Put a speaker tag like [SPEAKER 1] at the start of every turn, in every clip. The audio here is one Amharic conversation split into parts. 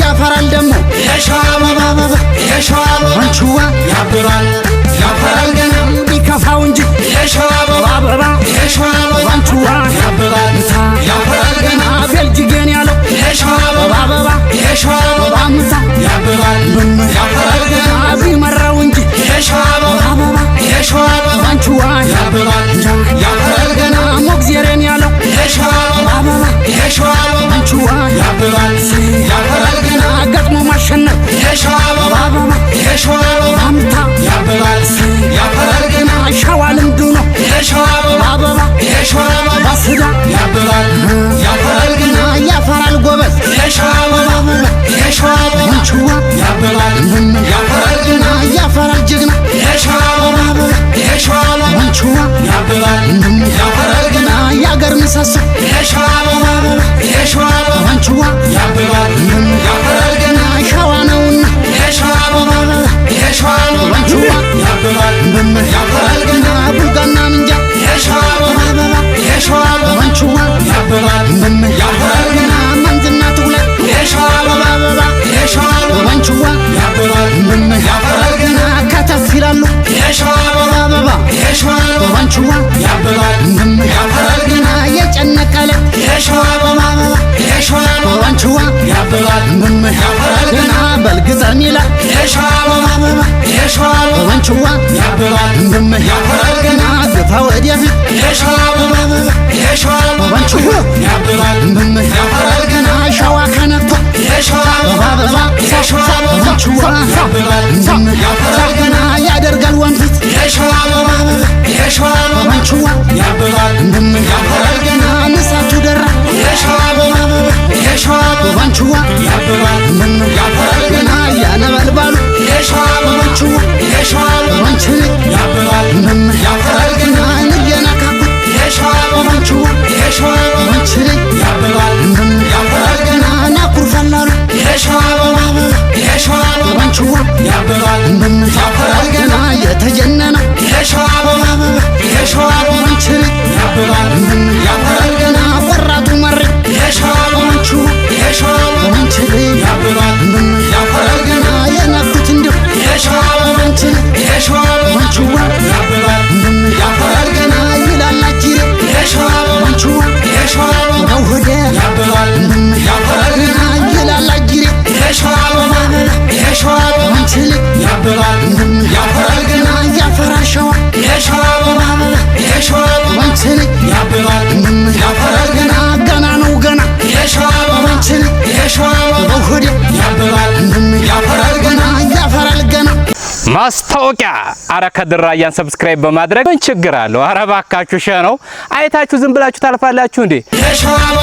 [SPEAKER 1] ያፈራል ደግሞ
[SPEAKER 2] የሸዋ አበባ አንቺዋ ያብራል Yeah, ችዋ ያብባል ዝም ያፈራል ገና
[SPEAKER 1] ገፋ ወዲያ
[SPEAKER 3] ማስታወቂያ አረ ከድራያን ሰብስክራይብ በማድረግ ምን ችግር አለው? አረ ባካችሁ ሸ ነው አይታችሁ ዝም ብላችሁ ታልፋላችሁ እንዴ?
[SPEAKER 2] የሸዋ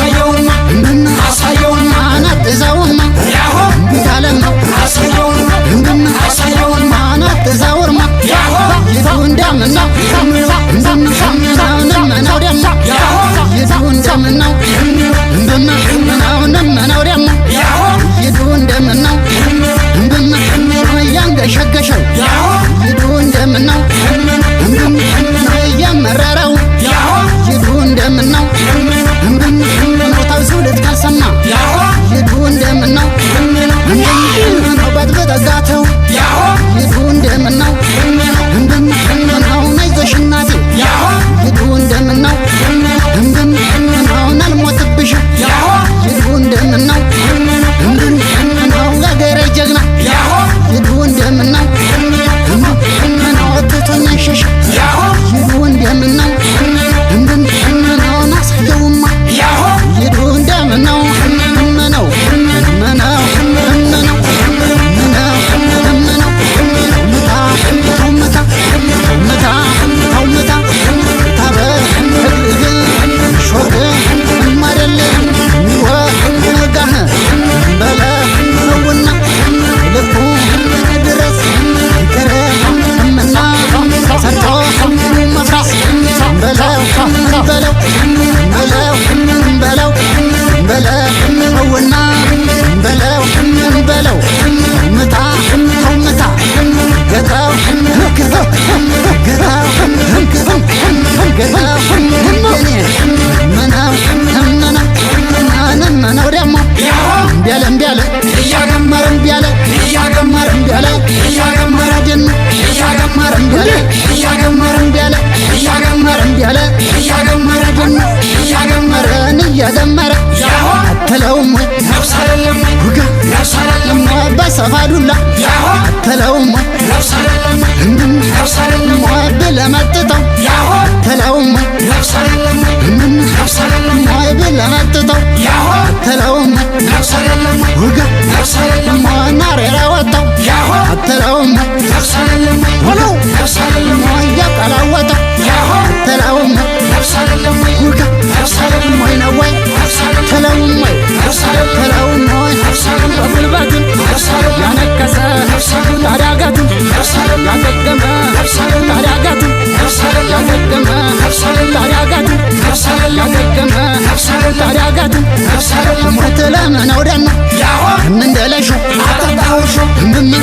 [SPEAKER 2] And then
[SPEAKER 1] the